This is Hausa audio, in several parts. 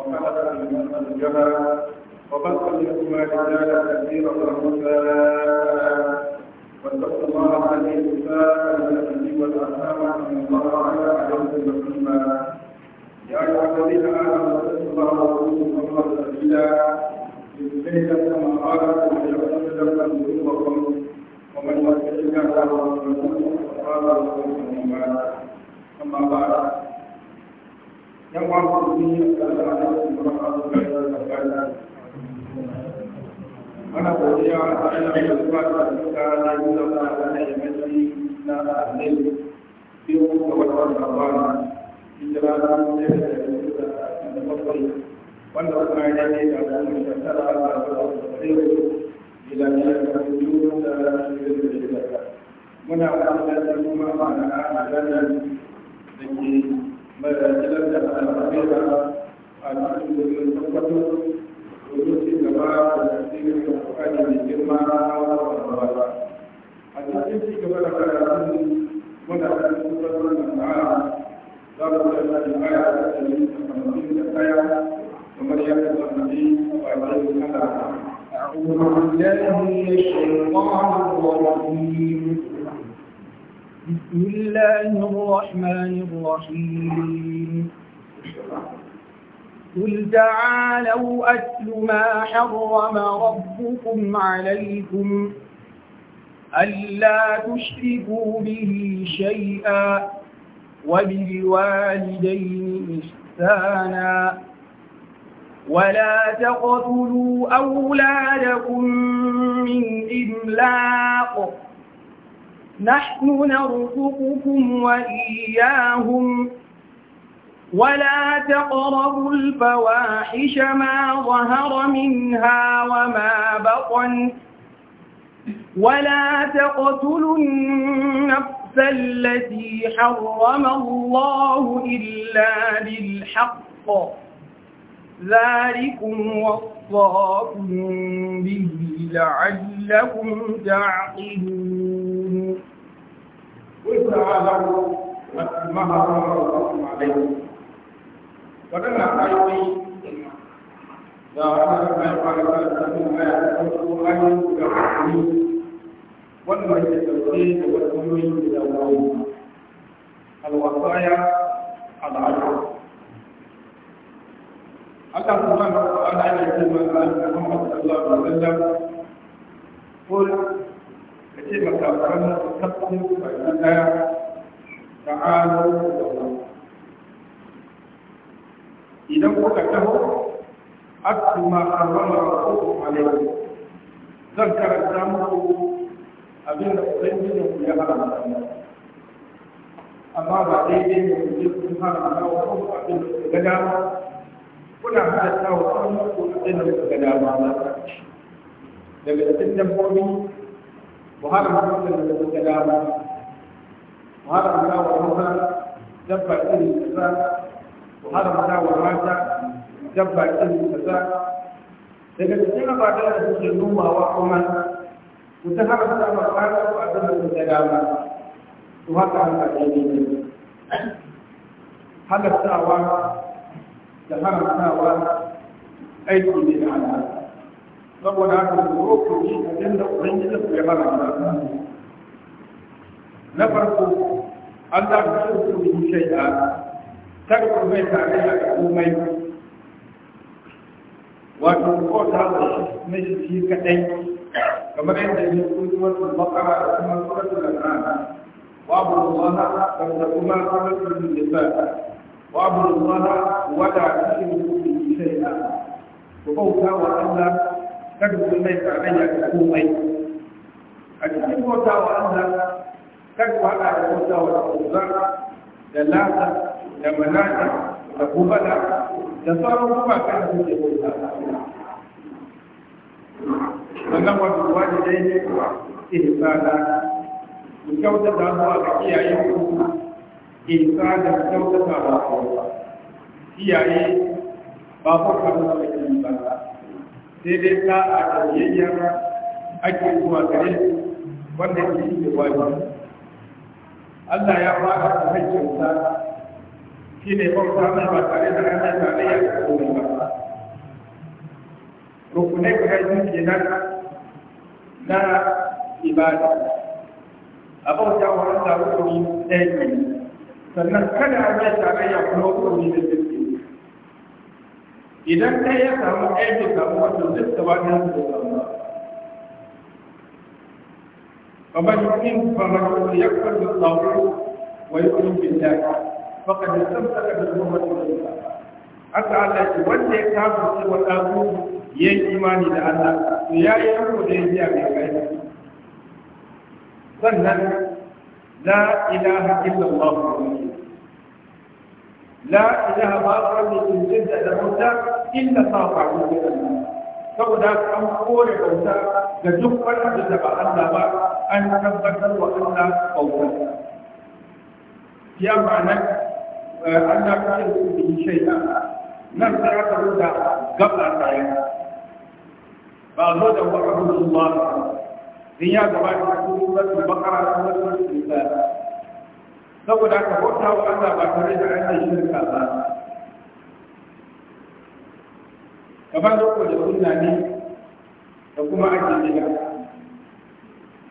وخلق منهما الجهل وبث منهما رجالا كثيرا ونساء واتقوا الله الذي تساءلون به والارحام ان الله على عليكم رحيما يا ايها الذين امنوا اتقوا الله وقولوا قولا سديدا يصلح لكم اعمالكم ويغفر لكم ذنوبكم ومن يطع الله ورسوله فقد فاز فوزا عظيما اما بعد yan uwa ku ni mana godiya a Allah ya zuwa da na yi da da yammaci da kuma da kuma da muna kuma da kuma ma na da da ke mai rajin da al'amira al'adun da ke tabbato domin ci gaba da tasirin da bukata mai girma na wannan rayuwa a cikin ci gaba da karatun muna da tabbatar da ma'a za mu ga da aya da tsarin da kaya kamar yadda zan ji a bakin kada أعوذ بالله من بسم الله الرحمن الرحيم قل تعالوا أتل ما حرم ربكم عليكم ألا تشركوا به شيئا وبالوالدين إحسانا ولا تقتلوا أولادكم من إملاق نحن نرزقكم وإياهم ولا تقربوا الفواحش ما ظهر منها وما بطن ولا تقتلوا النفس التي حرم الله إلا بالحق ذلكم وصاكم به لعلكم تعقلون وسعى له ما حرم الله عليه ولنا آيوي da ana mai fara da mun ga ko ayu da kuma wannan da tauke da wannan da wani alwasaya al'adu Allah subhanahu wa ta'ala ya ce wa Muhammad sallallahu alaihi wasallam قل ka ce bayan daya ta ano da wani idan kuka taho aksu ma harama rabbukum alayhi zan karanta muku abin da ubangijin ku ya haramta amma ba daidai ne ku je kun haramta wa kanku abin da ku ga dama kuna halatta wa kanku abin da ku ga dama na. daga cikin dabbobi وهذا ما قلت لك الكلام وهذا ما هنا دبع إلي كذا وهذا مداول هذا دبع إلي كذا لكن كثيرا بعد ذلك يجنون وحما وتهرب سامة هذا وأدنى الكلام وهذا عن تقليدين هذا الساوى تهرب ساوى أيدي من على هذا saboda haka tsoro ku ji abin da ubangiji ku ya haramta na farko Allah ya so ku yi shay'a tar ku mai tare da komai wato ko ta da shi shi kadai kamar yadda ya so ku wato bakara da kuma suratul an'am babu Allah da kuma suratul nisa babu Allah wada cikin ku yi shay'a ku bauta wa Allah kada ku mai tarayya da komai a cikin bauta wa Allah kada ku haɗa da bauta wa Uzza da Lata da Manata da Kubala da sauran kuma kada ku ke bauta sannan wasu wajidai ne ihsana ku kyautata zuwa ga iyayen ku ihsana kyautata wa iyaye ba ku kamar da ba sai dai a da ba ake zuwa gare su wanda ke shi da wajibi Allah ya fara da ta shi ne bauta mai ba tare da ranar tarayya da komai ba rukunai guda biyu nan na ibada a bauta wa Allah rukuni ɗaya ne sannan kada a mai tarayya kuma rukuni da biyu idan kai ya samu aiki samu wato duk da ba ta da فمن إن فمن يكفر بالطاغوت ويؤمن بالله فقد استمسك بالعروة الوثقى حتى الله wanda ya kafa cewa ɗago ya yi imani da Allah to ya yi riko da ya biya mai kai sannan la ilaha illallah la ilaha ba ta da tunjin da da inda sa faru ne saboda an kore bauta ga duk wani abin da ba Allah ba an tabbatar wa Allah bauta ya ma'ana eh, Allah ka yi su bi shaida nan sai aka rubuta gaba tsaye ba zo da wa abdullah in ya gabata cikin suratul baqara suratul nisa saboda ka bauta wa Allah ba tare da an shirka ba kamar roko da sunna ne da kuma ake gida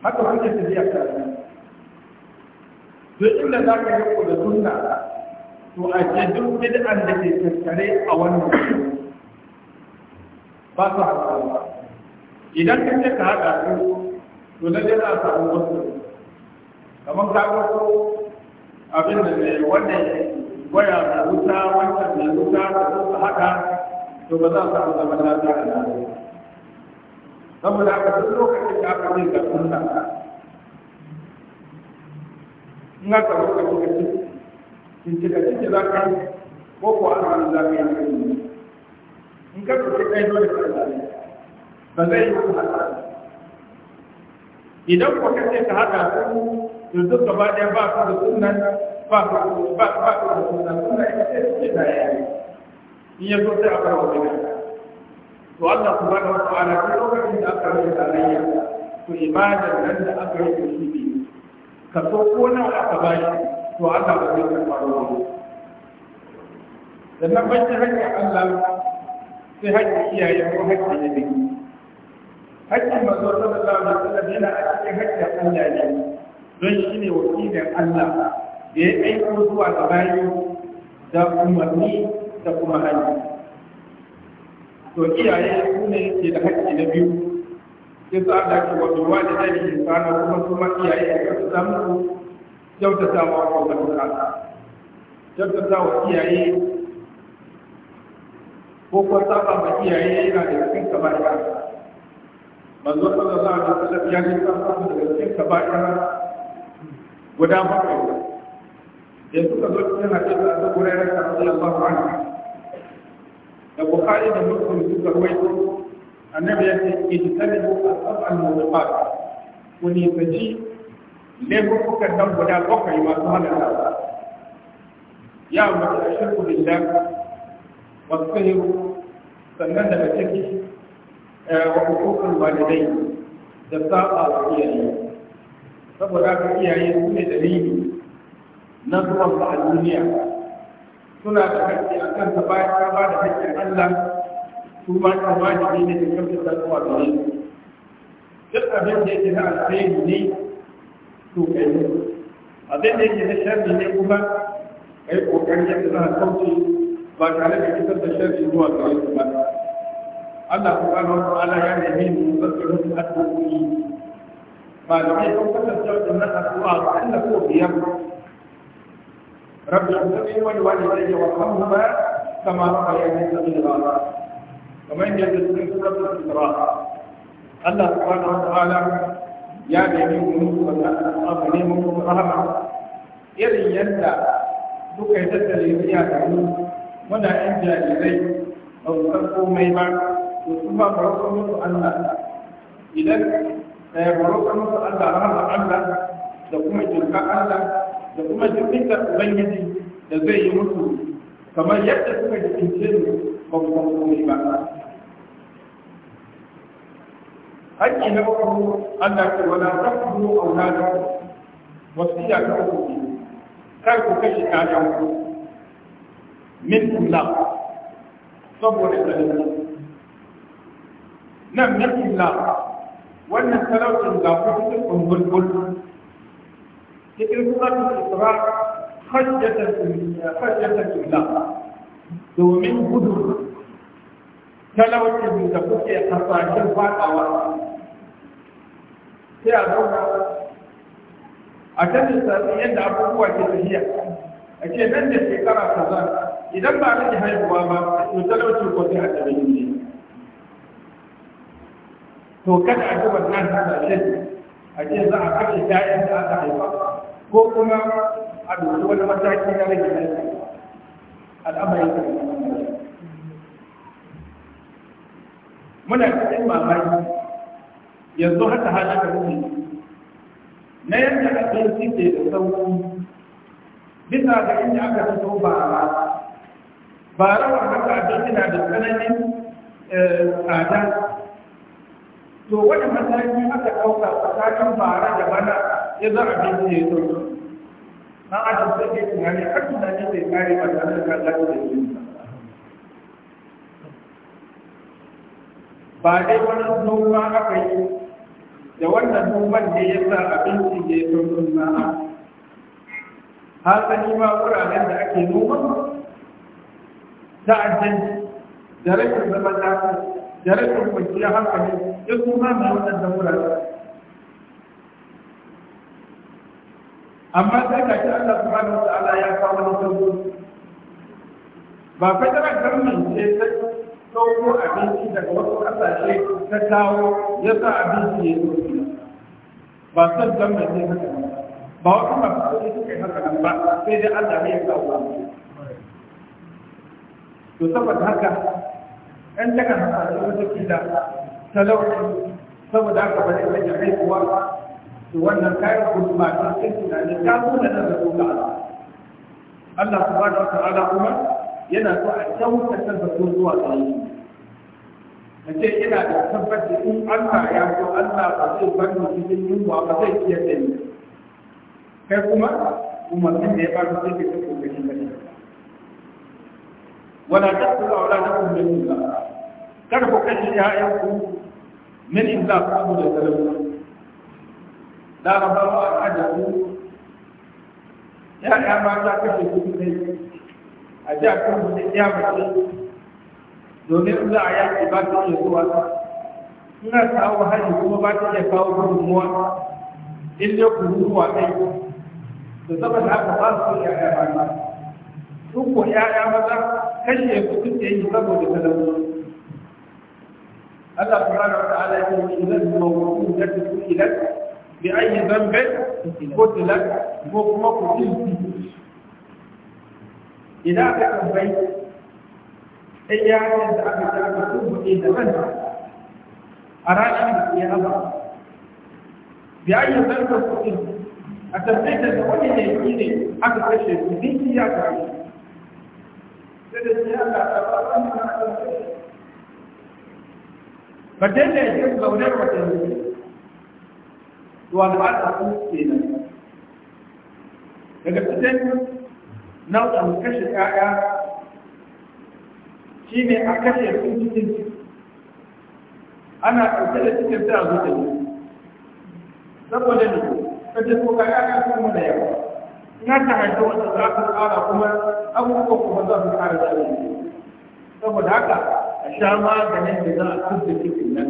haka kuke tafiya tare duk inda za ka yi da sunna to a ce duk bid'an da ke tattare a wannan ba su haɗuwa idan ka ce ka haɗa su to lalle za a samu wasu kamar ka wasu abin da ne wannan goya da wuta wancan da wuta da su haka. to ba za su samu zaman lafiya a Najeriya saboda haka duk lokacin da aka zai ga sunna in aka roƙa cika ciki bincika ciki za ka yi ko ko an samu za ka yi kai in ka tuke kai dole ka zai ba zai yi kuma idan ko ka ce ka haka, su yanzu gaba ɗaya ba su da sunan ba su da sunan sunan ita ce da yayi in ya zo sai a fara wata gida to Allah ku bada wata ala ko lokacin da aka rage tarayya to ibadar nan da aka yi shi ne ka so ko na aka ba shi to Allah ba zai karɓa ba da na bace hanyar Allah sai hanyar iyaye ko hanyar nabi hanyar mazo sallallahu alaihi wasallam yana a cikin hanyar Allah ne don shi ne wakilin Allah da ya aiko zuwa ga da umarni ta kuma hali to iyaye su ne ke da haƙƙi na biyu sai su Allah ke wato wa da dai insana kuma kuma iyaye da su samu kyautata wa ko da bukata kyautata wa iyaye ko kuma saba ma iyaye yana da cikin kaba'ira manzo a alaihi wasallam ya ce samu daga cikin kaba'ira guda bakwai da suka zo cikin hadisi da Abu ba radiyallahu anhu البخاري لم يكن يقول له النبي يجتنب الأربع الموبقات وني فجي لم يفك الدم ولا بقى ما سمعنا الله يا من أشرك بالله واصفهم سنن لك آه، وحقوق الوالدين جزاء الله فبراك إياه يكون دليل نظر مع الدنيا suna da hakki a kan ta bayan ka ba da hakkin Allah su ma ka wajibi ne da kanta tsarkuwa da ne duk abin da yake na alkhairi ne to kai ne abin da yake na sharri ne kuma kai kokarin yadda za a kauce ba tare da kitar da sharri zuwa gare su ba Allah subhanahu wa ta'ala ya nemi mu tsarkake addu'o'i malamai sun kasance da nan addu'a Allah ko biyar رب العالمين ولوالدي وارحمهما كما ربياني صغيرا ومن يدرس سورة الإسراء الله سبحانه وتعالى يا نبي موسى الله نبي موسى رحمه irin yadda duka yi tattare biya da mu muna yan jarirai ba mu san komai ba to su ba mu rasa musu Allah idan musu da kuma jirka Allah da kuma jikinta ubangiji da zai yi musu kamar yadda suka jikince mu ba ku san komai ba haƙƙi na uku Allah a wala da wasu iya ta uku kar ku kashe kayan ku min kula saboda talauci nan min kula wannan talaucin ga kuma bulbul cikin suratul isra khashyatan lillah domin gudun talaucin da kuke hasashen fadawa sai a zauna a canjin sassan yadda abubuwa ke tafiya a ce nan da shekara kaza idan ba rage haihuwa ba to talauci ko sai a tabi ne to kada a ji wannan hasashen a ce za a kashe 'ya'yan da aka haifa ko kuma a doki wani mataki na rage lafiya al'amari da muna cikin mamaki yanzu haka hada da muke na yadda abinci ke da sauki bisa ga inda aka fito ba ba rawar haka abinci na da tsananin eh, tsada to wani mataki aka ɗauka tsakanin bara da bana ya za a na adam sai tunani har tunani kare ba tare da kallon da yi ba dai wani noma aka yi da wannan noman ne ya sa abinci ya yi tuntun na hasali ma wuraren da ake noma ta'addanci da rashin zaman da rashin kwanciyar hankali ya kuma mai wannan da wuraren amma sai ka shi Allah subhanahu wa ta'ala ya kawo wani sabo ba federal karmin ce ta ɗauko abinci daga wasu ƙasashe ta kawo ya sa abinci ya zo gida ba san mai ne haka ba wasu su kuɗi suka yi haka nan ba sai dai Allah ne ya kawo to saboda haka ɗan daga hasashe wata kida talauci saboda haka ba zai rage haihuwa to wannan kayan hukuma ta sai tunanin ta nuna na zato ga Allah Allah subhanahu wataala kuma yana so a kyautata zato zuwa ga shi mace yana da tabbaci in Allah ya so Allah ba zai bar mu cikin yunwa ba zai iya da kai kuma kuma kin da ya bar mu cikin kokarin da shi wala taqulu auladakum min Allah kar ku kashi ya'yanku min illa qawlu da talabbu larabawa al'ada su ya'ya mata kashe kuɗi ne a ji a kan mutum ya mace domin za a yaƙi ba ta iya zuwa ina kawo hari kuma ba ta iya kawo gudunmuwa in dai kururuwa ɗai da saboda ba su ya'ya mata su ko ya'ya maza kashe kuɗi da yi saboda talauci Allah subhanahu wa ta'ala ya ce idan mawdu'u da su ilan bi ayi zambe kutilat ko kuma kutil idan aka tambayi sai ya yi da aka ta aka da hannu. a ranar ya haba bi yi zambe kutil a tambayi da wani ne yi ne aka kashe su dinki ya kashe sai da ta ba ba da yake zaunar wata ne to an aka kuke nan daga cikin nau'in kashe ƴaƴa shine a kashe su cikin ana ɗauke da cikin ta a zo da saboda ne kaje ko ka ƴaƴa su kuma da yawa ina ta haifa wata za ta ƙara kuma abubuwa kuma za su ƙara da saboda haka a sha maganin da za a kusa cikin nan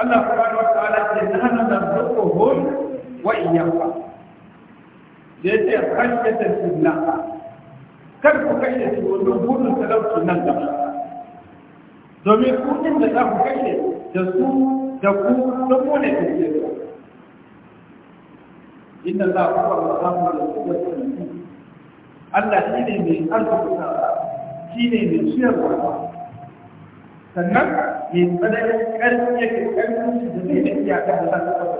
Allah subhanahu wa ta'ala ce nahnu narzuquhum wa iyyakum da yake hajjata sunna kar ku kashe shi wannan gudun talauci nan gaba domin kudin da za ku kashe da su da ku da ku ne kuke zuwa inna za ku wa zamu da kuwa Allah shi ne mai arzuta shi ne mai ciyarwa sannan mai tsananin ƙarfi yake ƙarfin shi da zai da iyaka da zan taɓa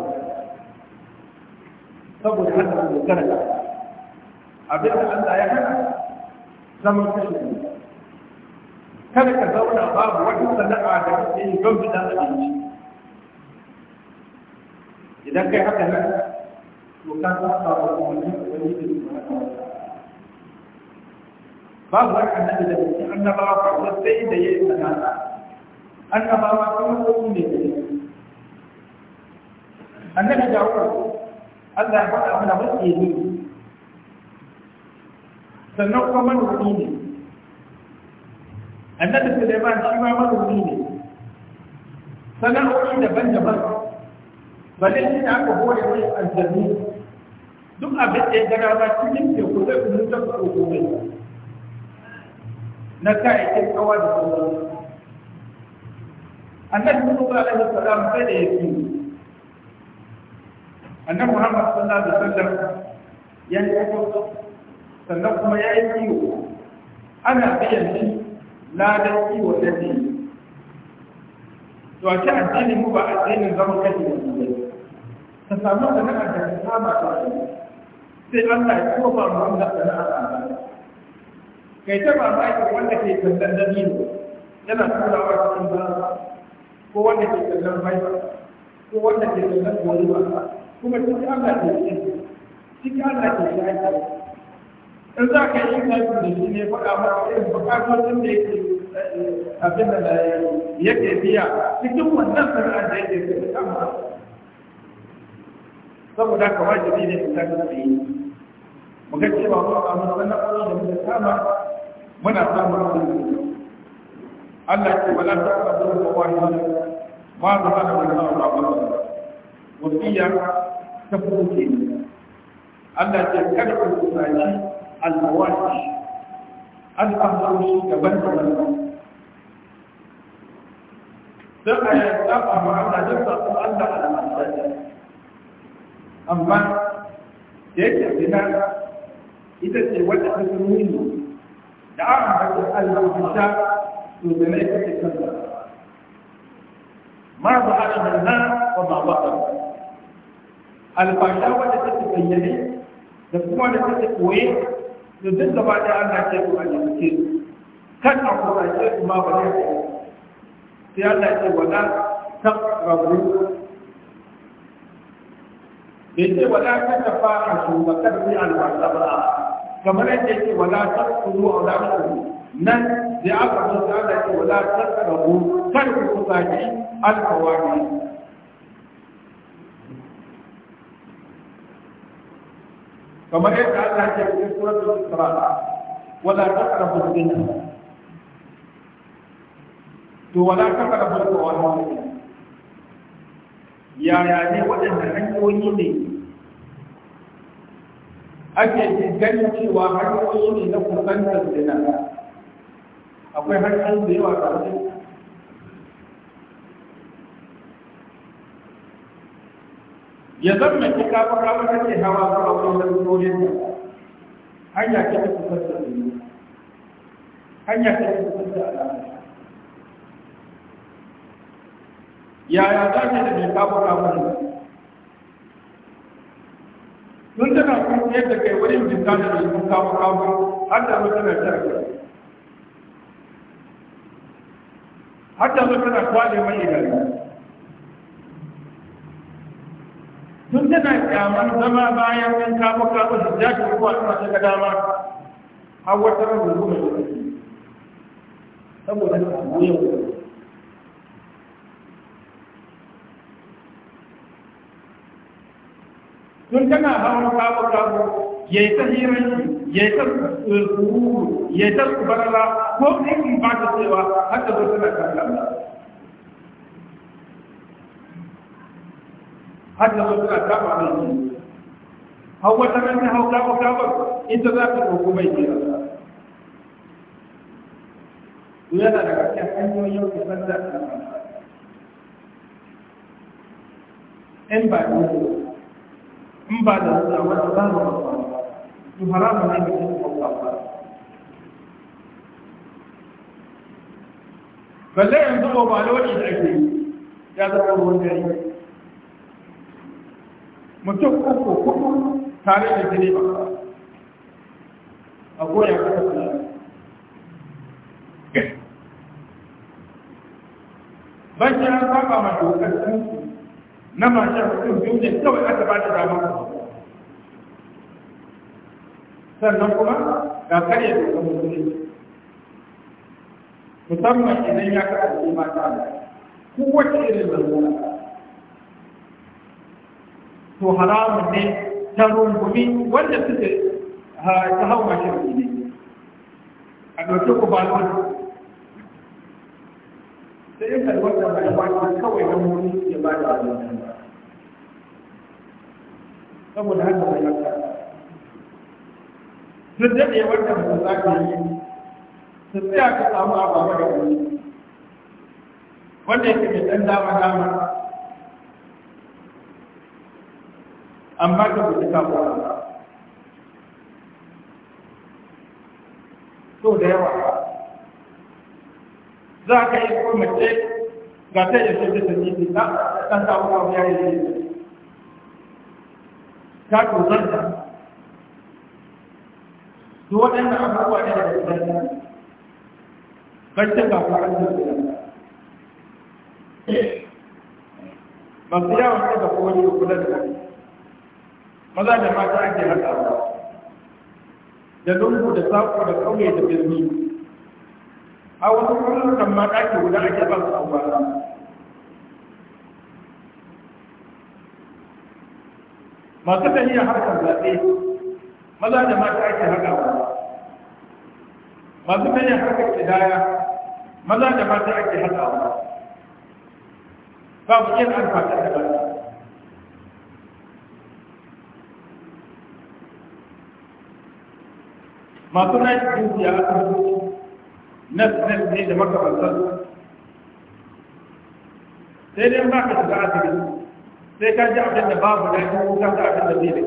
saboda haka da kare abin da Allah ya hana zaman kashe ne kada ka zauna babu wata sana'a da kake yi don bidan abinci idan kai haka nan to ka saba wa umarni wani da su babu wani annabi da ke annabawa kawai sai da ya yi sana'a An annabawa kuma ko ne annabi Dawud Allah ya faɗa mana wace ne sannan kuma manufi ne annabi Sulaiman shi ma manufi ne Sannan sana'o'i daban-daban ba ne shi da aka hore mai azzalmi duk abin da ya gara ba cikin teku zai kuma ta koko mai na kayayyakin kawa da sauransu annabi sallallahu alaihi wasallam sai da yake annabi Muhammad sallallahu alaihi wasallam ya yi sannan kuma ya yi kiwo ana biyan shi ladan kiwo da ne to a ce addini mu ba addinin zaman kashi da shi ta samu sana'a da ta saba da sai Allah ya kofa mu wanda sana'a da kai ta ba ba wanda ke kallon dabino yana turawa cikin ba ko wanda ke kallon baiwa ko wanda ke kallon gobe ba kuma cikin Allah ke cikin cikin Allah ke shi ake in za ka yi kafi da shi ne faɗa maka irin bukatun da yake eh, abin da yake biya cikin wannan sana'ar da yake kai kama saboda ka wajibi ne ka ta yi mu ga ba mu a wannan wannan da muka kama muna samun abin Allah ce wala ta kabu mawahid ma za ta kabu na Allah ba wasiya ta fuke Allah ce kada ku tsaci al-mawahid al-ahlu shi gaban gaban dan ayat ta amma Allah da ta Allah al-masajid amma yake da ita ce wata ta nuni da aka haɗa al-masajid domin ya kake kanka ma ba hada manna wa ma ba ta alfasha wadda take bayyane da kuma da take koye da duk gaba da Allah ya ku a jike kan a kurace kuma ba ne sai Allah ya ce wala taqrabu bai ce wala ta tafa a shugaba kan ni alfasha ba kamar yadda yake wala ta, a wala taqrabu nan da aka zo ta Allah ce wala tasrabu kar ku kusaci alkawari kamar yadda Allah ce cikin suratul Isra wala tasrabu zina to wala tasrabu ne. yaya ne waɗanda hanyoyi ne ake ganin cewa hanyoyi ne na kusantar zina akwai harkar da yawa tare ya zan mai ta kafa kafa ke hawa ta aure da tsohon da hanya ta kusa da duniya hanya ta kusa da alama yaya za ka da mai kafa kafa ne tun tana kuma yadda kai wani mutum ta da mai kafa kafa har da mutum ta da har da zo tana kwale mai idanu tun tana kyamar zama bayan ɗan kama kama da za ta ruwa tana daga dama har wata ranar zuwa da saboda ta goyon tun tana hawan kama kama ya ta hirin ya yi ta eh, kuru ya ta kubarala ko aikin ba ta cewa har da zo tana kallon har da zo tana kama Hau wata hau kawo kawar ita za ta ɗauko mai kira yana daga cikin hanyoyin da san da in ba da in ba da wata ba حرام عليكم الله balle yanzu ba da ake ya zama ruwan dare mutum uku kuku tare da jini ba a goya kasa ban shi an saba ma dokar na mashin mutum biyu ne kawai aka ba da damar sannan kuma ga karya dokar musulunci musamman idan ya kasance mata da wace irin lalura to haramun ne ta rungumi wanda suke ta hau mashin ne a ɗauki ku ba sai yin kalmar da bai wani kawai na muni ya ba da wani saboda haka bai yanka sun daɗe wanda ba za ka yi su tsaya ka samu ababa da wani wanda yake mai ɗan dama dama amma ka guji kafa so da yawa za ka yi ko mace ga ta yi shi ta titi ta ɗan samu abu ya yi ta tozanta to waɗannan abubuwa ne da daga baccin ba ku an Ba su yawon kada ko wani kula da wani maza da mata ake haɗa da lungu da sako da ƙauye da birni a wasu kwallon ma ɗaki guda ake ba su abuwa masu tafiya harkar zaɓe maza da mata ake haɗawa masu sanya harkar kidaya maza da mata ake haɗawa babu yin alfata da ba masu naji yi a kan na sinar ne da makamantar sai dai ba ka shiga asibiti sai ka ji abin da babu da ya kuka ta abin da zai da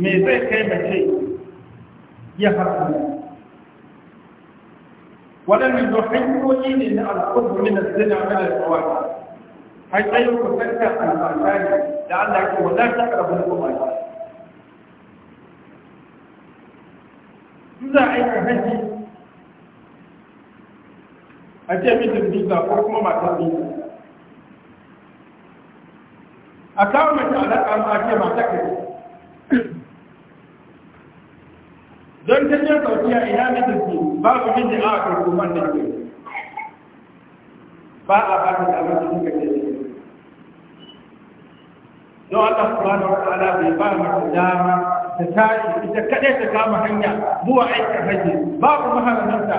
me zai kai mace يهربون ولم يحبني من الخبز من الزنا من الفواكه حيث يكفك عن الفاكهه لعلك ولا تقرب القمر إذا أيك هدي أتي من الجزء فوق ما تبين أكامل على أن أتي ما tafiya ina ne tafi babu miji a ga kuman da ke ba a ba da abin da suka ne don Allah subhanahu wa ta'ala bai ba mu dama ta tashi ita kadai ta kama hanya zuwa ku mahararta ba maharamta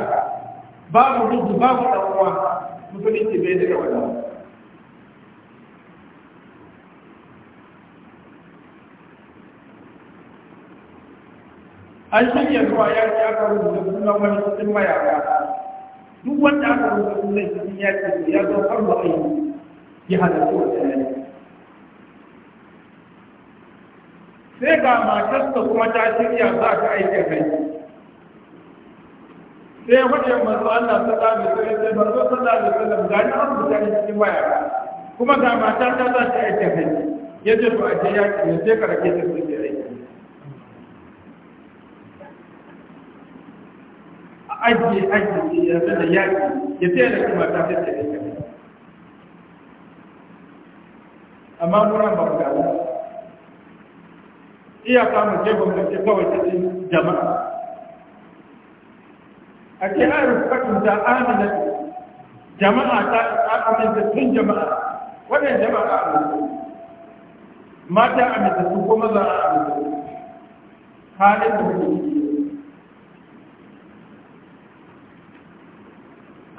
babu ba ku ɗan uwa musulunci bai daga wannan an shirya zuwa yaki aka rubuta sunan wani cikin mayaka duk wanda aka rubuta sunan cikin yaki ya zo har ba yi ya halarci wata yaki sai ga matarsa kuma ta shirya za ta aike kai sai wajen masu Allah ta zaɓe sai sai masu sallah da sallam ga ni an rubuta ni cikin mayaka kuma ga mata ta za ta aike kai ya ce to a ce yaki ne sai ka rake ta ajiye ajiye ya zana yaƙi ya tsaye da kuma ta tattare da kai amma ƙuran ba ga iya samun ce gwamnati kawai ta ce jama'a a ce an rufatun ta amina jama'a ta aminta tun jama'a wannan jama'a a aminta mata aminta su kuma maza a aminta halin da mutum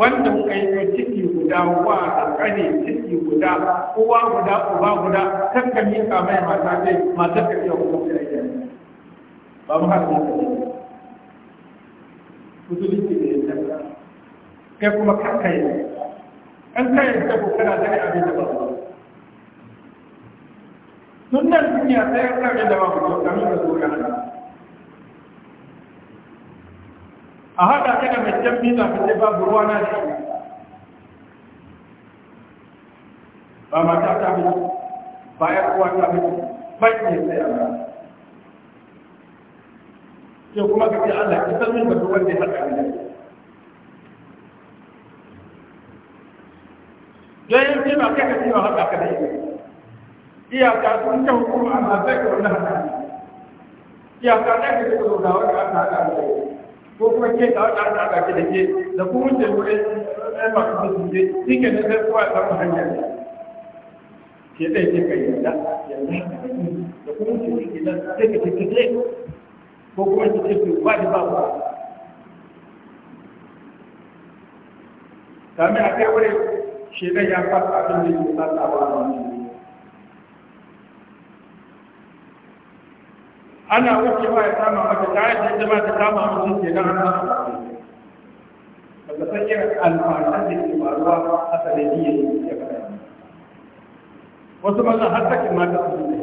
wanda kuka yi ciki guda wa kane ciki guda uwa guda uba guda kan ka miƙa mai mata kai mata ka iya kuma kai ya ba mu haka ne musulunci ne ya kai kuma kan kai an kai da ku kana da abin da ba nan duniya sai an kare da ba ku kamin da a haɗa ka da mai can biza ka ba babu na shi ba mata ta bi ba ya kuwa ta bi bai ne tsaya ba ke kuma ka ce Allah ki san min da duk wanda ya haɗa ni dan yin ce ba kai ka ce ba haɗa ka da iyaka sun ta hukuma amma zai ka wani haɗa iyaka ɗaya ka ce ka zo da wani haɗa ka da ko kuma ke da wata da aka da ke da ku wuce ku ɗan masu da su je shi ke da sai kuwa samun hanyar ke ɗaya ke kai yadda da ku wuce shi ke nan sai ka ce ke ko kuma ki ce ku ba da ba ta kame a kai wurin shi ya fasa abin da ke fasa ba wani ana wucewa ya kama mata ta yi da jama'a ta kama mutum ke nan ana daga san irin alfanar da ke faruwa a sanadiyyar ya kada wasu mazan har sakin mata su ne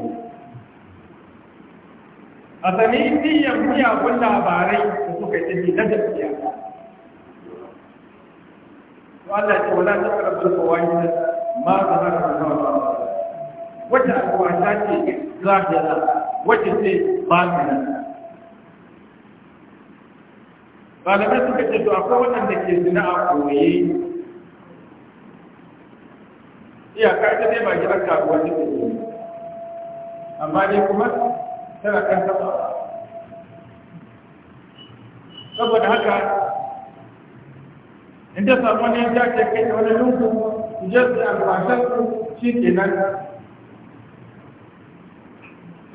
a sanadiyyar miyagun labarai da suka yi na gaskiya Allah ce wala ta karɓar kawai ma ta haka wata alwata ce zahira wacce ce ba ta suka ce to akwai waɗanda ke zina a koye iyaka ta dai ba gidan karuwa ne ke amma dai kuma tana kan taɓa saboda haka in samu wani ya ce kai wani lungu je su yi albashar su shi ke nan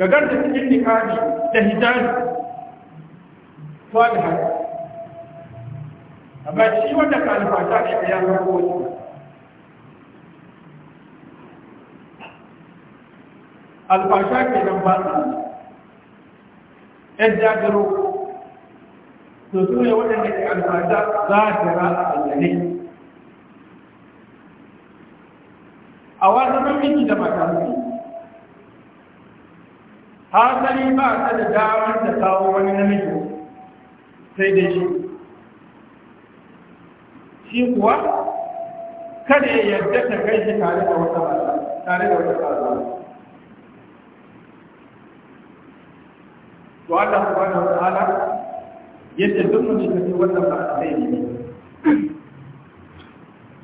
ka ganta cikin nikabi da hijabi zuwa da haka amma shi wanda ka alfata ne ka yamar kowace alfasha ke nan ba su ‘yan jagaro to su ne waɗanda ke alfasha za a jira a zane a wasu mamiki da makamaki hasali ba ta da damar da kawo wani namiji sai da shi shi kuwa kada ya yarda ta kai shi tare da wata mata tare da wata mata to Allah subhanahu wa ta'ala yadda duk mun shiga cikin wannan ba sai ne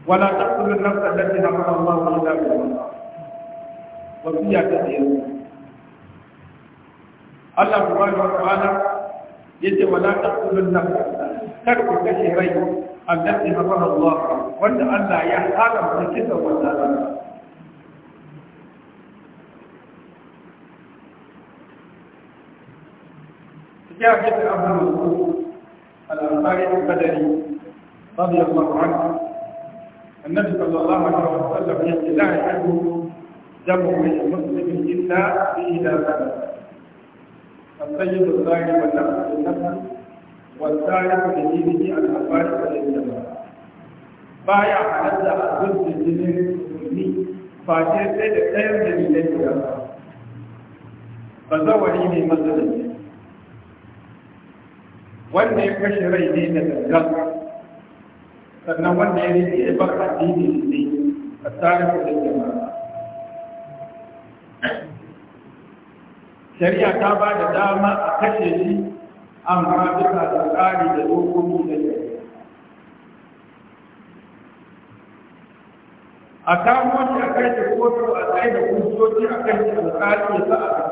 wala taqulu an-nafsa allati harrama Allah illa bil wa wasiya ta Allah subhanahu wa ta'ala yace wala taqulun nafsa kar ku kashe rai allati harama Allah wanda Allah ya haramta kisa wannan rai جاء في أبو مسعود الأنصاري البدري رضي الله عنه النبي صلى الله عليه وسلم يقول لا يحب دم من مسلم إلا في إلى ذنب السيد الزاهد والنفس بالنفس والتارك بدينه الحباري والإنجاب بايع حدث ضد الدين المسلمين فاجر سيد خير دليلين ويرفع فزوري من مثلا wanda ya kashe rai ne da gangan sannan wanda ya rike ya bar addini ne a tsarin da shari'a ta ba da dama a kashe shi amma bisa da tsari da dokoki da shari'a a kamo shi a kai da kotu a tsaye da hujjoji a kai da alƙali ya sa a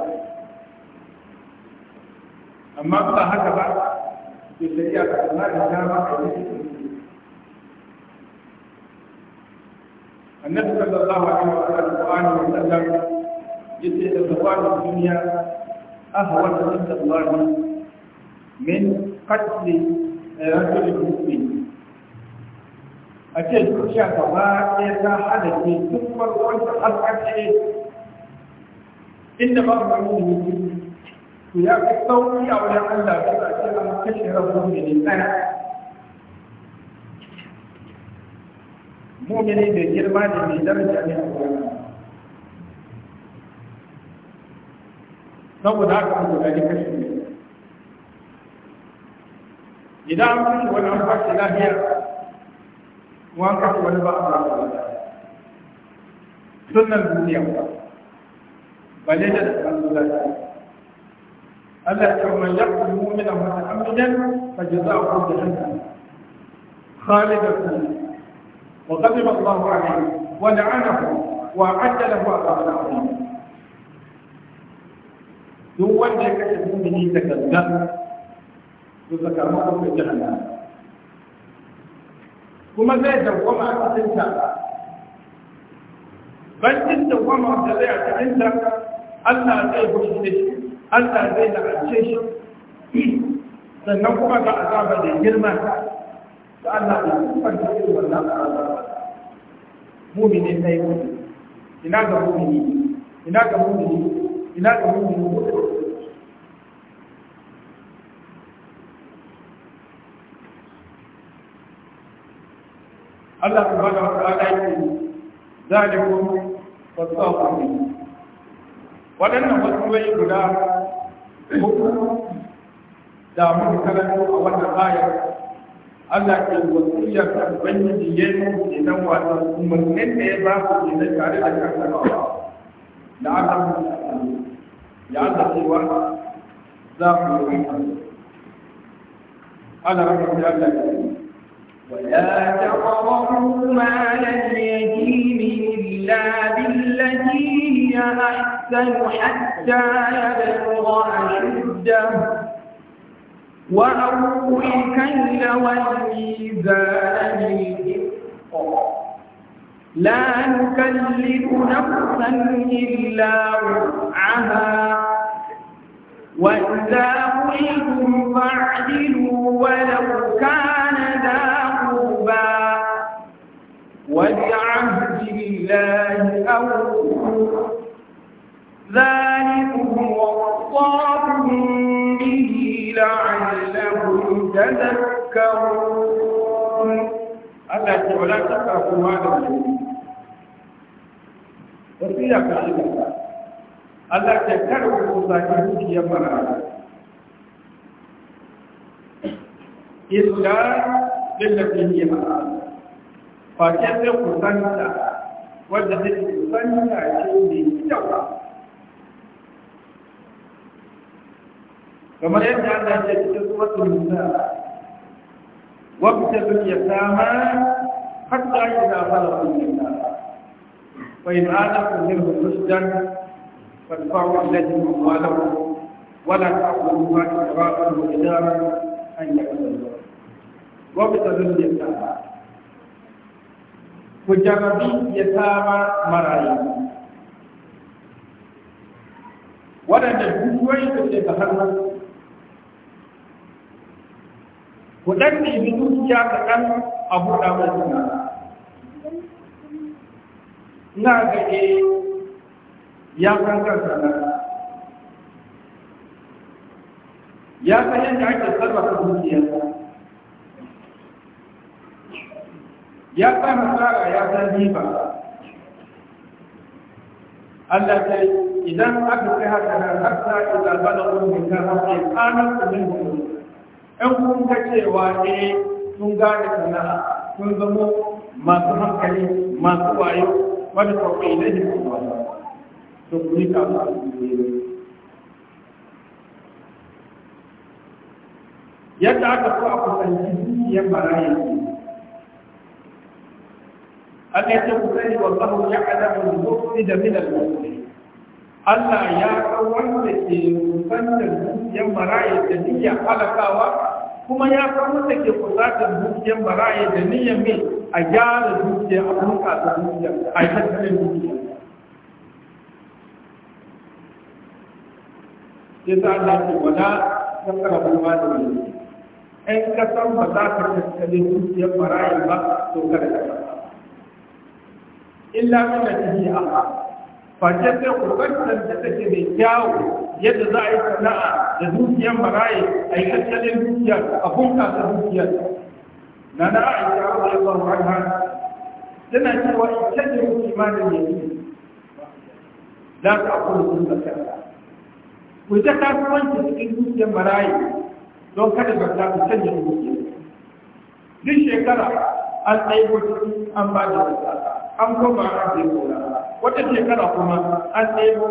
amma ba haka ba da shari'a ta kuma da dama a yi annabi sallallahu alaihi wa sallam yace da zawanin duniya أهون عند الله من قتل رجل مسلم أجل كشا كما إذا حدث ثم وانت أفعل إنما أمره من كتوني أو يا الله كذا كذا كشر المؤمن أنا مؤمن مؤمنين جرمان من درجة من أولاً saboda haka an guda ne kashi ne idan an kashe wani an kwashe lafiya kuma an kashe wani ba a samu lafiya sunan duniya ba balle da tsaron lafiya Allah ya man yaqul mu'mina muta'ammidan fajza'uhu jahannam khalidan fiha وغضب الله عليه ولعنه وأعد له عذابا duk wanda ya kashe mumini da gangan to sakamakon ka jahannama kuma zai dawwama a cikin ta bancin dawwama da zai a cikin ta Allah zai fushi da shi Allah zai lalace shi sannan kuma ga azaba da girma ta Allah da kufar da irin wannan azaba mumini sai ina ga mumini ina ga mumini ina ga Allah subhanahu wa ta'ala yake zalikum wasaqu wadannan guda uku karanto a wannan ayar Allah ke wasiya ta ubangiji ya yi umarnin da ya ba tare da ba, da aka لعل الوحي ذاق الوحي على رحمة الله ولا تقربوا مال اليتيم إلا بالتي هي أحسن حتى يبلغ أشده وأوفوا الكيل والميزان بالقسط لا نكلف نفسا إلا وسعها وإذا قلتم فاعدلوا ولو كان ذا قربى وبعهد الله أوفوا ذلكم وصاكم به لعلهم تذكرون ألا تعلن تكرهوا هذا wasiya ka shi Allah ke karɓi ko dukiyar mara illa lillafi ne mara fake sai kusanta wanda take kusanta ce mai kyau kamar yadda Allah ya ce cikin suratul nisa wabta bil yatama hatta idza falaqa min فإن آنفوا منه رشدا فادفعوا إليهم أموالهم ولا تأخذوها إسرافا وبدارا أن يكذبوا وابتلوا اليتامى وجربي يتامى مرايا waɗanda dukiyoyin da ke ga hannun ku ɗan ɗibi dukiya kaɗan a na gaje ya san kansa ya san yadda ake sarrafa dukiyarsa ya san hasara ya san riba Allah ta idan aka kai haka na hasa ila balaghu min kafafi anan min hukum ɗan kun ga cewa eh sun gane sana'a sun zamo masu hankali masu wayo وادفع إليهم الولاء تغنيك الله yadda aka so a kusanci zuciyar marayin su Allah ya ku sani wallahu ya alamu zuci da minal musulmi Allah ya ga wanda ke kusantar zuciyar marayin da niyyar halakawa kuma ya san wanda ke kusantar zuciyar marayin da niyyar mai a gyara dukiya a bunƙasa dukiya a yi tattalin dukiya ya sa Allah ce wala ta karabu ma da wani ɗan kasan ba za ka tattalin dukiyar marayin ba to kada ka illa kana tafi a face sai kubantar da take mai kyawu yadda za a yi sana'a da dukiyar marayi a yi tattalin dukiyar a bunƙasa dukiyar na na aisha radiyallahu anha tana cewa ittajiru imanin yamin za ta akwai sun zakata ku ta kasuwanci cikin dukiyar marayi don kada ba ta ku canja dukiyar duk shekara an ɗaibo ciki an ba da zakka an koma an bai kora wata shekara kuma an ɗaibo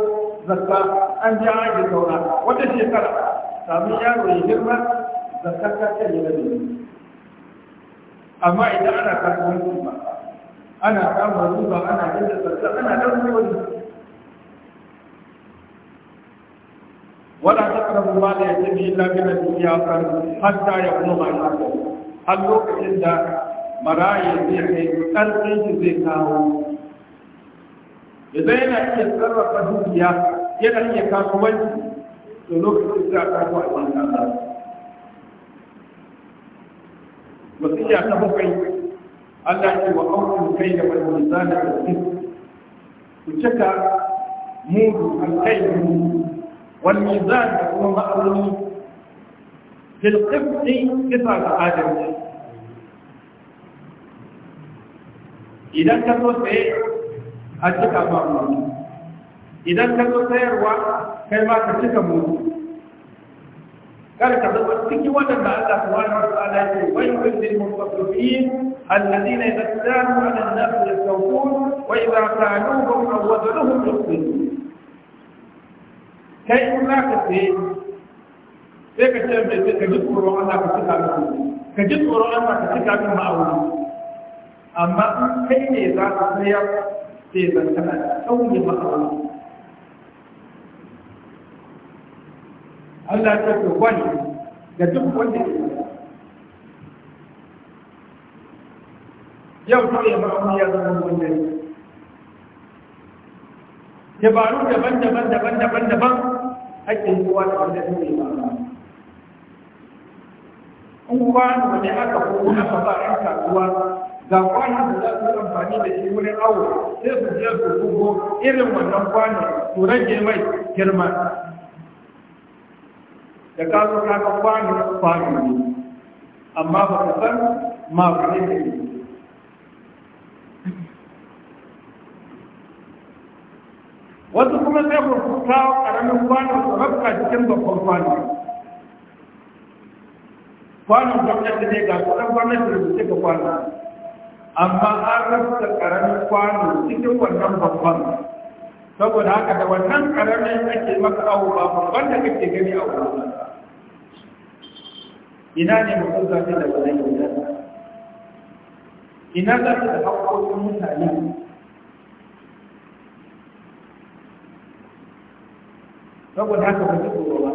zakka an ja an bai kora wata shekara sami yaro ya girma zakka ta canja da dukiyar amma idan ana karɓar ruba ana karɓar ruba ana yadda sarki ana ɗaukar wani wala taqrabu ma la yatimi illa bi nabiyyi akan hatta yaqulu ma har lokacin da maraye zai kai ƙarfin shi zai kawo idan yana iya sarrafa dukiya yana iya kasuwanci to lokacin da ka kawo a cikin وسيئة تبقي ألا يوقف الكيل والميزان والقسط وشكا نور الكيل والميزان هو في القسط قطعة آدم إذا كنت أجدك إذا كنت سيروى كما تشكى مؤمن kada ka zama cikin waɗanda Allah subhanahu wa ta'ala ya ce wailul lil mutaffifin alladhina idza kanu 'ala an-nasi yastawfun wa idza kaluhum aw wazanuhum yukhsirun kai in za ka ce sai ka ce mai ka ji tsoron Allah ka cika min ka ji tsoron Allah ka cika min ma'auni amma kai ne za ka tsaya sai zan kana tsauni ma'auni Allah ta ce wani da duk wanda ke yau ta yi ma'auni ya zama wanda ne dabaru daban-daban daban-daban daban ake yi wa da wanda ne ba in kuwa ne aka kuma aka ba a kasuwa ga kwanan da za su amfani da shi wurin awo sai su je su gugu irin wannan kwanan su rage mai girma da ka zo ka ga kwano amma ba ka san ma ba ne ne wasu kuma sai ku kawo karamin kwano ku rabka cikin babban kwano kwanon gwamnati ne ga kuɗin gwamnati rubuce ga kwano amma an rabta karamin kwano cikin wannan babban saboda haka da wannan ƙaramin ake maka awo ba babban da kake gani a wurin ina ne mutum zafi da wannan zai ina za su da haƙoƙin mutane saboda haka ba su ba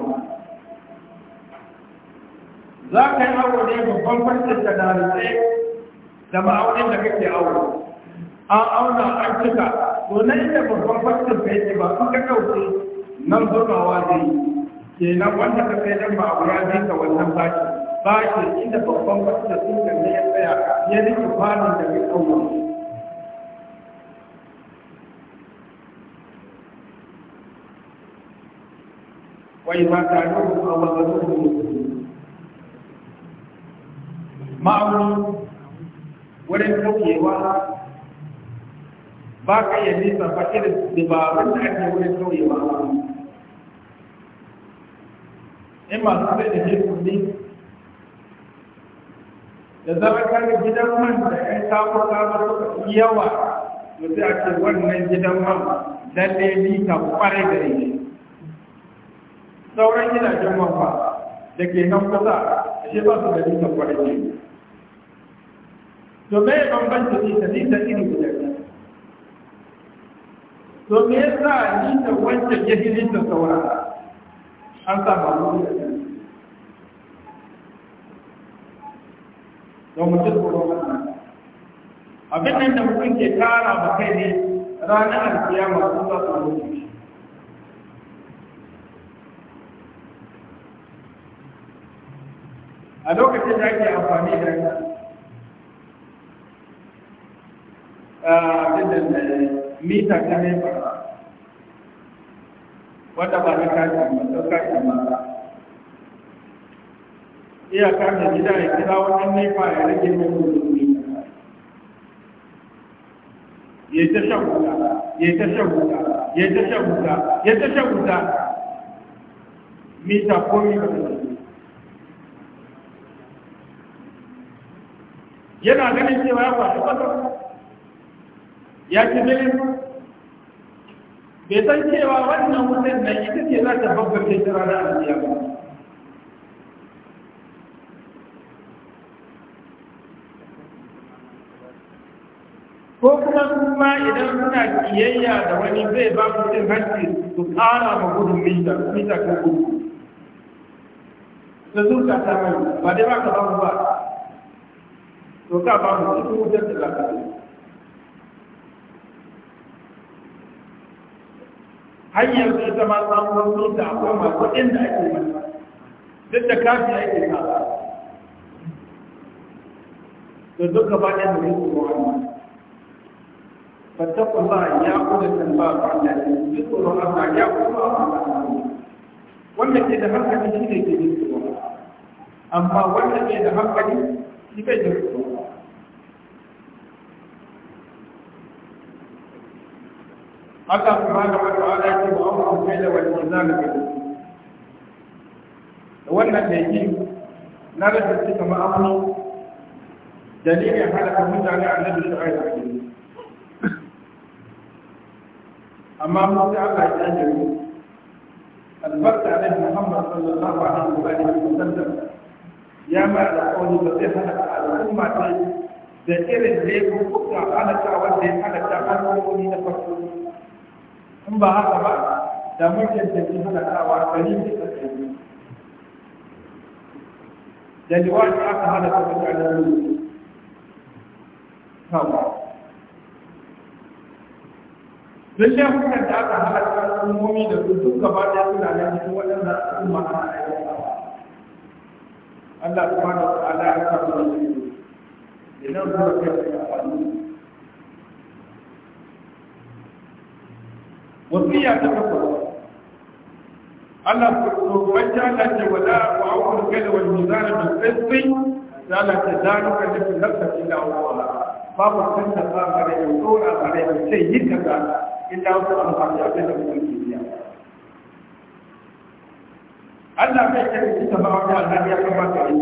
za ka yi awo ne babban farcin da na da ma'aunin da kake awo an auna an cika to nan da babban fasir da yake ba in ka kauce nan zurmawa zai kenan wanda ka kai dan ba a ya bi ka wannan baki baki inda babban fasir sun ka ne ya tsaya ya rike falin da kai kawo wai ba ta yi wa ba ba su ma'auni wurin kauyewa ba ka iya nisa ba irin dabarun da ake wurin kauye ba in masu sai da ke kundi da zama kare gidan man da ya samu kama suka yawa to sai a ce wannan gidan man lalle ni ka kware da ne sauran gidajen man ba da ke nan kusa shi ba su da ni ka kware ne to me bambanci ne da ni da iri guda to me yasa ni da wancan ya hilin da saura an samu mu da mutum tsoron wannan abin nan da mutum ke kara ba kai ne ranar alkiyama masu za su mutu a lokacin da ake amfani da ah, abin da mita ta haifar wanda ba na kaji masu kaji masu iyaka da gida ya kira wajen nefa ya rage mai kudin ya ta shan wuta ya ta shan wuta ya ta shan wuta ya ta shan wuta mita ko mita yana ganin cewa ya faɗi ƙasar ya ci bilin bai san cewa wannan wutan na ita ce za ta babbar ta jira da ba ko kuma kuma idan suna kiyayya da wani zai ba mutum hanci su kara ma gudun mita mita ko gudu da zuka ta mai ba dai ba ka ba ba to ka ba mu cikin wutar da za ka hanyar da ita ma samuwar sulta a koma waɗanda ake mata duk da kafin ake sa da duk gaba ɗaya da yake wani fattakun ba ya kuma san ba ba da duk tsoron Allah ya kuma ba ba wanda ke da hankali shi ne ke yin tsoron amma wanda ke da hankali shi bai da tsoron Allah subhanahu wa ta'ala ya ce wa amru kaila wal mizan Da wannan da yake na rasa cika ma'amuni dalilin halaka mutane a nan da annabi shu'aib ke. amma mun sai Allah ya jira mu albarka da Muhammad sallallahu alaihi wa sallam ya ma da kauli da zai halaka al'umma ta da irin da ya kuka halaka wanda ya halaka al'umma na farko in ba haka ba da mutum da ke halakawa gari ne da ɗari da liwani aka halaka mutanen lulu kawo duk da hukumar da aka halaka al'ummomi da su duk gaba da suna nan cikin waɗanda al'umma ana aikatawa Allah subhanahu wa ta'ala ya kafa da su idan suka kai da amfani wasiya ta farko Allah ko bacci Allah ce wala wa awul kal wal mizan bil qist da la tadaluka li nafsi illa Allah fa ba san ta ba gare ni ko a gare ni sai yi kaza illa Allah an fara da da mulki Allah bai ce ki ta ba wa Allah ya kama ka yi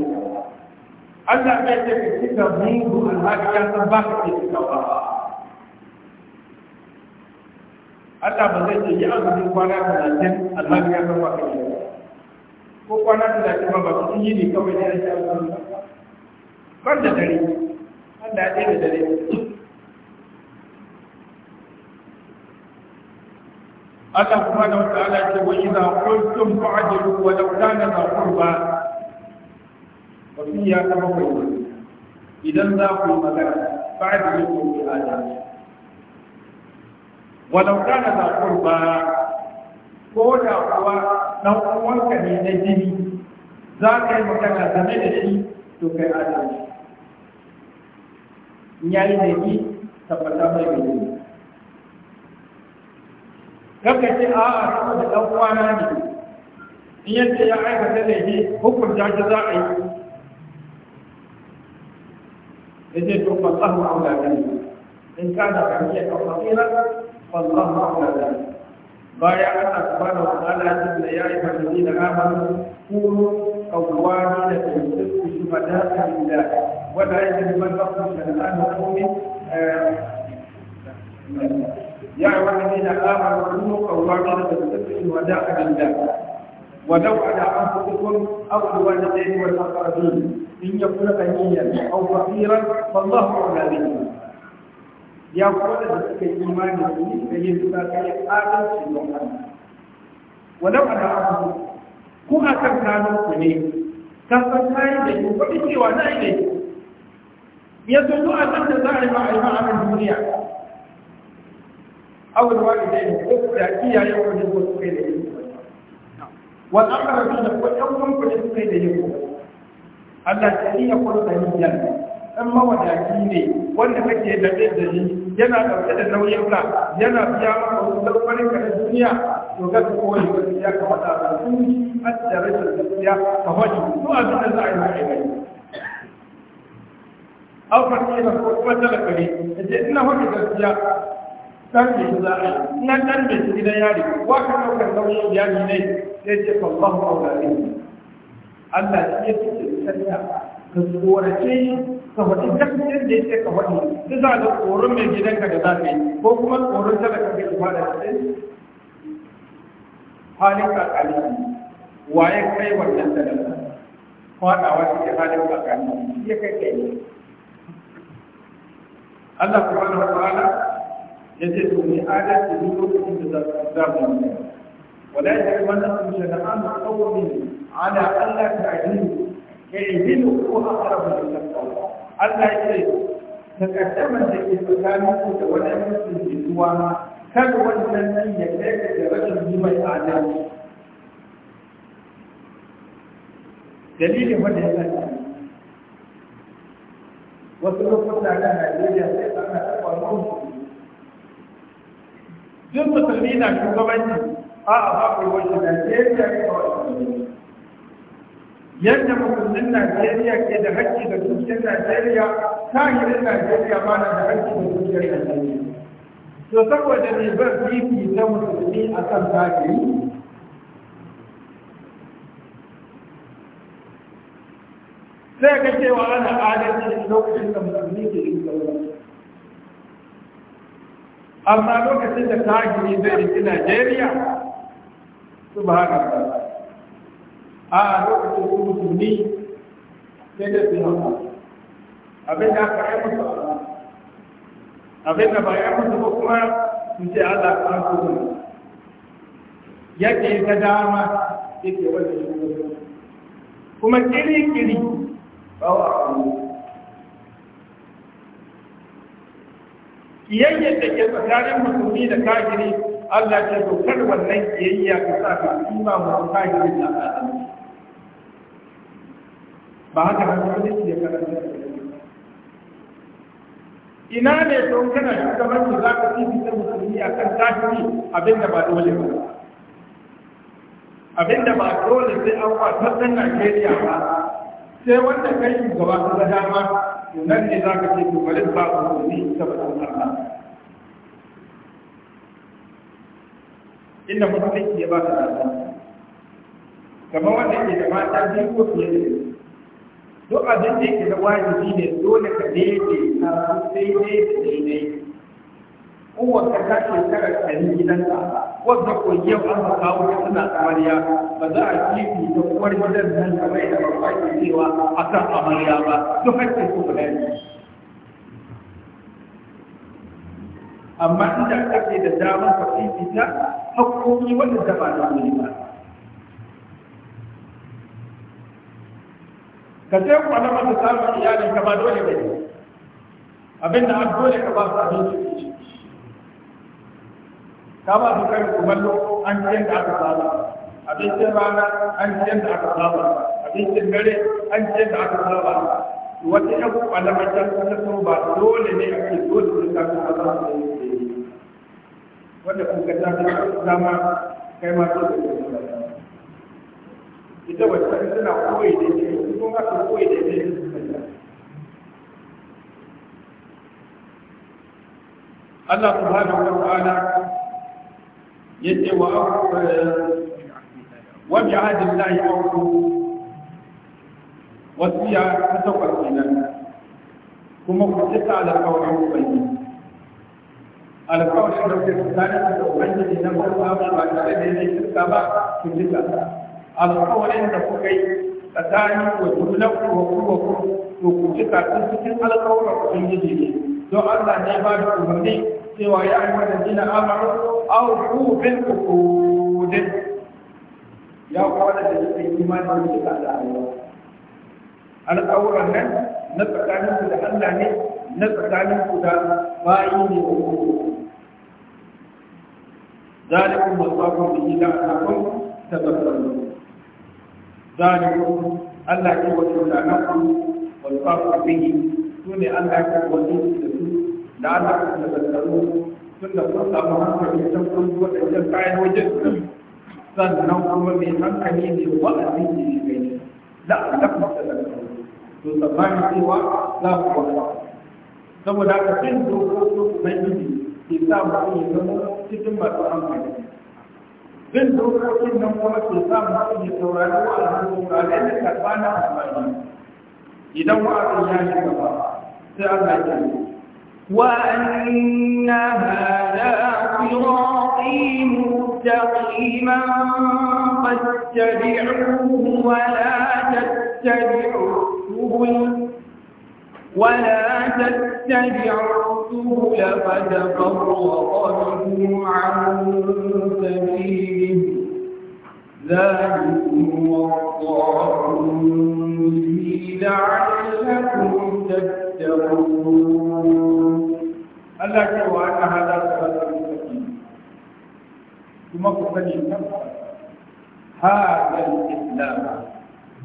Allah bai ce ki ta mu alhaka ya san ba ka ki ta ba Allah ba zai ce yi azumin kwana talatin alhali ya san ba ka yi ko kwana talatin ba ba su yi ne kawai ne ake azumin ba ban da dare ban da ɗaya da dare Allah kuma da wata ala ce wa iza kuntum fa'adilu wa law kana za qurba wa fiya kama bayyana idan za ku yi magana fa'adilu bi adalci walau kana za kurba ko da kuwa dan uwanka ne na jini za ka yi magana game da shi to kai adalci in yayi da ni tabbata mai gani kaka ce a a saboda dan uwana ne in yadda ya aikata laifi hukunta shi za a yi yace to fa sahu aula kan in kana kan iya kafa فالله أعلم ذلك بايع الله سبحانه وتعالى أن آه، يا أيها الذين آمنوا كونوا قوامين بالصدق شهداء لله ولا يجرمنكم شنآن قوم يا أيها الذين آمنوا كونوا قوامين بالصدق شهداء لله ولو على أنفسكم أو الوالدين والأقربين إن يكون غنيا أو فقيرا فالله أعلم بهما ya kuma da suka yi imani da ni da yin suka kai adalci don Allah walau ana abu ko a kan kano ku ne ka san kayi da ku kuɗi cewa na ne ya zo zuwa nan da za a yi ba a yi ba a nan duniya awal wani da ne ko da iyaye wani ko su kai da yin wal akhara da ko ɗan kun kuɗi su kai da yin Allah ta iya kwalta yin yalma ɗan mawadaki ne wanda kake da ɗin yana ɗauke da nauyin nauyinka yana biya maka wasu lauɓarin ka na duniya to ga su kowai gaskiya ka faɗa da kunci har da rashin gaskiya ka faɗi to abin da za a yi haka ne an faɗi na ko kuma talakari da ce ina faɗi gaskiya ɗarbe shi za a yi ina ɗarbe shi gidan yari wa ka ɗaukar nauyin yari ne sai ce ba maulari Allah shi ya fi sanya, ka tsorace ka faɗi duk da ya ce ka faɗi duk za ga tsoron mai gidanka da za ka yi ko kuma tsoron talaka ka yi fada da halin kakani waye kai wannan nan? faɗawa cikin halin kakani ya kai kai Allah subhanahu wa ta'ala ya ce to ni adalci duk lokacin da za ku zamu ولا يجرمنكم شنآن قوم على ألا تعدلوا اعدلوا هو أقرب للتقوى Allah ce takaddama da ke tsakanin ku da wani mutum jituwa kada wannan nan ya kai ka da rashin yi mai adalci dalilin wanda ya sanya wasu lokuta na Najeriya sai ana taɓa musu duk musulmi na shugabanci a a ba ku wani Najeriya ya kawai yadda musulmin Najeriya ke da hakki da dukiyar Najeriya kahirin Najeriya ma na da hakki da dukiyar Najeriya to saboda ne ban fifi ta musulmi a kan zahiri sai ka cewa ana adalci lokacin da musulmi ke yin sauran amma lokacin da kahiri zai riki Najeriya su ba haka ba a lokacin su musulmi sai da su haka abin da aka yi musu abin da ba yi musu ba kuma su ce Allah ka su ne yake ta dama yake wata shi kuma kiri-kiri ba wa abu kiyayyar da ke tsakanin musulmi da kafiri Allah ce to kar wannan kiyayya ka sa ka kima mu kafiri da Allah ba haka hankalin ya karanta ina ne don kana da za ka fi fitar musulmi a kan zahiri abinda ba dole ba abinda ba dole sai an kwasar ɗan najeriya ba sai wanda kai shugaba ta da dama nan ne za ka ce to bari ba musulmi saboda Allah inda mutum ya ba ta dama kamar wanda ke da mata biyu ko fiye da duk abin da yake da wajibi ne dole ka daidaita sai dai da daidai kowa ka ta shekara ɗari gidanka wadda ko yau an ka kawo ta suna amarya ba za a kifi ta uwar gidan nan kamar da babba cewa a kan amarya ba duk hanyar su guda ne amma inda kake da damar ka fifita hakkoki wanda ba da wani ba ka sai ku alamar da samun iyalin ka ba dole ba Abin da an dole ka ba su abinci ka ba su kai kumallo an ciyar da aka saba abincin rana an ciyar da aka saba abincin dare an ciyar da aka saba wata yan alamar ta sun ba dole ne ake dole da ka ba su abinci wanda kuka ta dama kai ma so da ita wacce suna koyi da ke kuma ba ka koyi da ya Allah subhanahu wa ta'ala yace wa wa bi ahdillahi awfu wasiya ta saukar kenan kuma ku cika alƙawarin ubangiji alƙawarin da ke tsakanin da ubangiji na mutum ba tare da yake ba ku cika alƙawarin da kuka yi tsakanin wa kullum wa kuwa to ku ji kafin cikin alƙawarin ubangiji ne don Allah ne ba da umarni cewa ya yi wannan jina amaru aw ku bil ya kwana da cikin imani da Allah alƙawarin nan na tsakanin ku da Allah ne na tsakanin ku da bayi ne wa kuwa ذلك مصاب به لعنكم تبصرون zalikum Allah ya wato da naku wal fasu bihi sune Allah ya wato da su da Allah ya tabbaru tun da kun samu hankali ta kun wadannan kayan wajen sannan kuma mai hankali ne wa'azi ne shi ne la'allakum tadakkarun to tsammanin cewa za ku kwanta saboda haka cin dokokin ubangiji ke sa mutum ya zama cikin masu hankali bin dokokin nan kuma su sa mutum ya saurari wa'azin saurari da karɓa na amfani idan wa'azin ya shi gaba sai Allah ya ce وأن هذا صراطي مستقيما فاتبعوه ولا تتبعوا السبل ولا تتبعوا الرسول فتفرق منه عن سبيله ذلكم وقعكم به لعلكم تتقون Allah ce wa aka hada salatul mustaqim kuma ku sani hada islam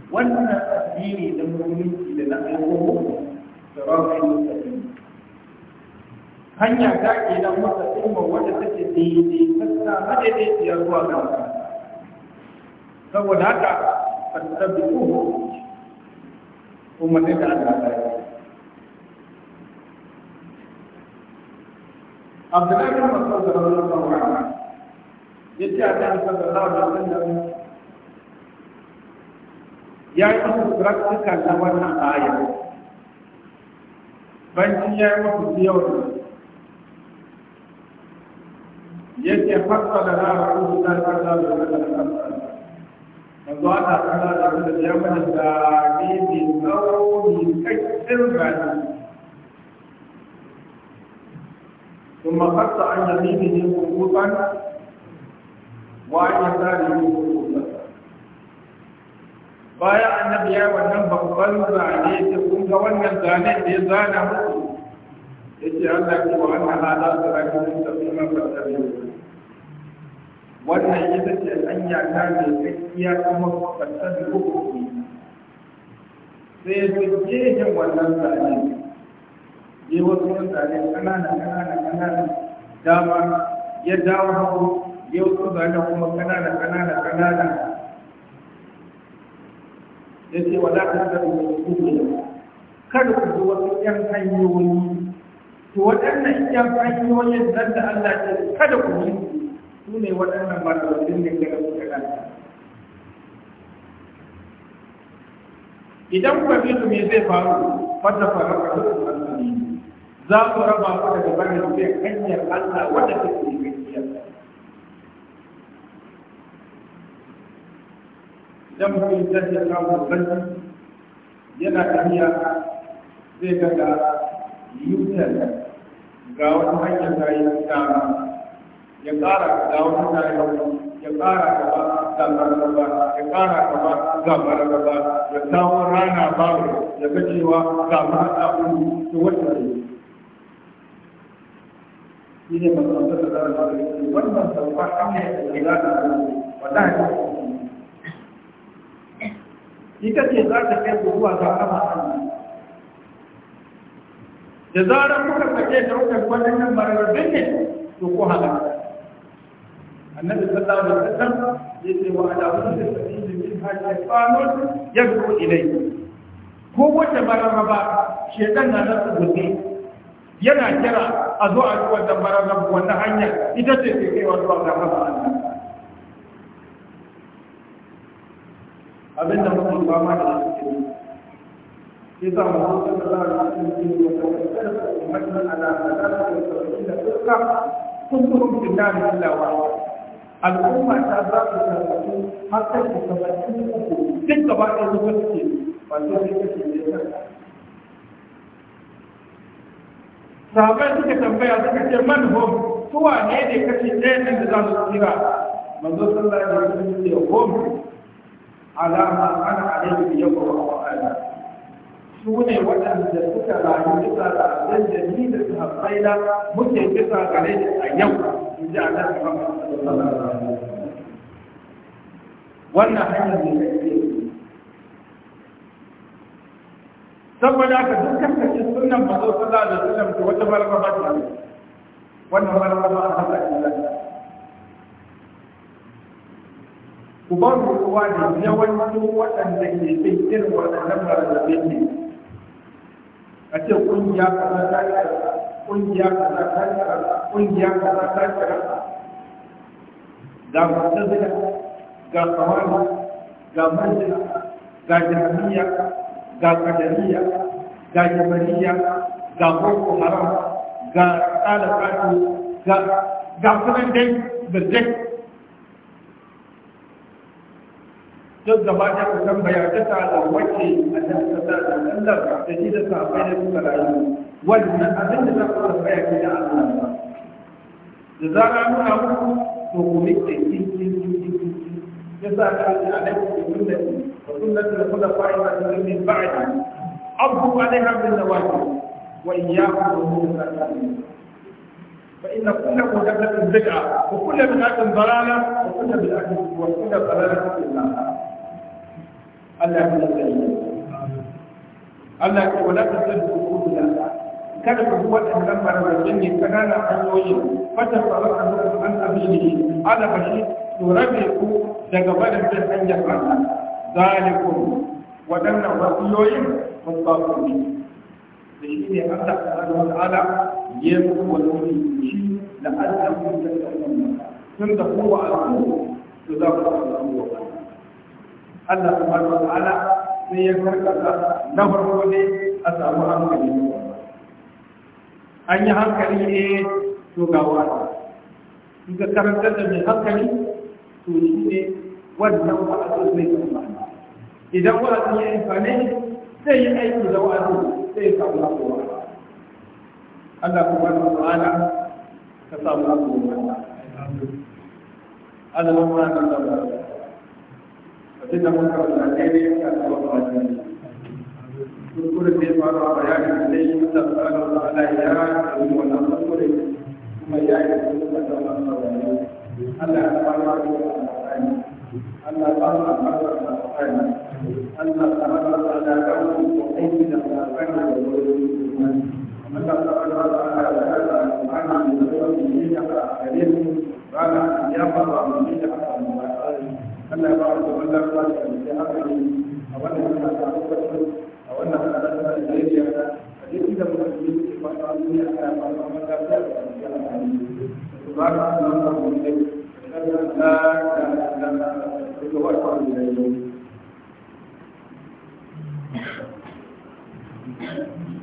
wannan addini da musulunci da na alƙawo da rafi mustaqim hanya ta ke nan masa ilma wadda take daidai kasta madaidaiciyar zuwa ga saboda haka fattabi'uhu umarnin da Allah ta yi Abdullahi bin Mas'ud radiyallahu anhu yace Allah sallallahu alaihi wasallam ya yi musu praktika na wannan aya bayan ya yi musu yau yake fasa da rara ruhu da ta da kalla da kalla yanzu ana kalla da kalla da ya mana da ne mai tsawo mai kakkin rani ثم قص عن يمينه خطوطا وعن يساره خطوطا baya annabi ya wannan babban zane ta kun ga wannan zane da ya zana musu yace Allah ya ce wa anna wannan ita ce hanya ta da gaskiya kuma fasar hukunci sai ya fi jejin wannan zane ne wasu zane kanana kanana kanana dama ya dawo hagu ya wasu zane kuma kanana kanana kanana ya ce wa za ta da hukumi kada ku zo wasu yan hanyoyi to waɗannan yan hanyoyin zan da Allah ya kada ku yi su ne waɗannan matsalolin da da suka kan idan kuka fi su me zai faru wata faru a cikin asali za ku raba ku daga barin sai hanyar Allah wadda take gaskiya idan mutum zai ya samu zanci yana tafiya zai ga ga yutar ga wata hanyar ya yi ya ƙara ka dawo na ya ƙara ka ba zambar gaba ya ƙara ka ba zambar gaba ya kawo rana babu ya ga cewa ga mata uku to wata ne shi ne manzon da zara da yake wannan sauka hanya da za ta wata ne ita ce za ta kai zuwa ga kama Allah da zarar muka sake daukar waɗannan mararrabin ne to ko halaka annabi sallallahu alaihi wasallam yace wa ala kulli sabiyin min hajji qanun yad'u ilayhi ko wata mararraba shedan na da gobe yana kira a zo a zuwa da mararraba wannan hanya ita ce ke kaiwa zuwa ga Allah abinda muke da shi إذا مرض الله da da da da al'umma ta za su karatu har sai ku karatu uku duk gaba ɗaya zuwa suke wato sai kake ne Ta sahabai suka tambaya suka ce man hom suwa ne ne kashi ɗaya nan da za su tsira manzo sallallahu alaihi wasallam ce hom alama ana alaihi yau wa ala su ne waɗanda suka rayu bisa da abin da ni da sahabbaina muke bisa gare a yau جعلها محمد صلى الله عليه وسلم wannan hanyar da ya ce saboda ka dukkan kace sunan mazo sallallahu alaihi wasallam to wata malama ba ta wannan malama ba ta da illa ku ba mu ruwa da yawanci waɗanda ke bin irin waɗannan marazabin ne a ce kungiya kaza ta yi kungiya kaza ta karanta kungiya kaza ta karanta ga mutazila ga ga manzila ga jami'a ga kadariya ga jabariya ga boko haram ga tsala ga ga sunan dai da dai duk da ba ta kusan bayata ta da wace a nan ta da Allah da ji da ta bai da suka rayu wannan abin da ta fara baya ki da Allah ba da zara nuna muku to ku miƙe kin kin kin ya sa ka ji alaikum bi sunnati wa sunnati al-khulafa'i ar-rashidin min ba'di abu alaiha bin nawajib wa iyyakum wa muhdathat فإن كل مدبة بدعة وكل بدعة ضلالة وكل بدعة وكل ضلالة في النار Allah ya kula da Allah san hukumuna kada waɗannan barbarcin ne kanana hanyoyin fata faru a zuwa an abini ala bashi to rabe ku daga barin hanyar Allah zalikum mun ba ku ne da shi ne Allah subhanahu wa ta'ala ya wani shi da Allah ya yi sun da kowa a ku to za ku samu Allah subhanahu wa ta'ala sai ya karkata na farko ne a samu hankali an yi hankali ne to ga wata in ka karanta da mai hankali to shi ne wannan wa'azin zai amfani idan wa'azin ya yi amfane sai yi aiki da wa'azin zai samu lafiya Allah subhanahu wa ta'ala ka samu lafiya Allah Allah ma na da tunda mun karanta daidai ya ka tsawon wajen kuskure da ya faru a bayanin da dai Allah subhanahu wa ta'ala ya yi wannan kuskure kuma ya yi kuskure da wannan wajen Allah ya fara da alƙur'ani Allah ya fara da alƙur'ani Allah ya fara da alƙur'ani ko aiki da alƙur'ani da wurin Allah subhanahu wa ta'ala ya fara da alƙur'ani da wurin da ya fara da alƙur'ani ba na ya fara da alƙur'ani Allah ya da aka yi a wannan ta ta ana fata mata ta da da ta da ta da ta da da yi Thank you.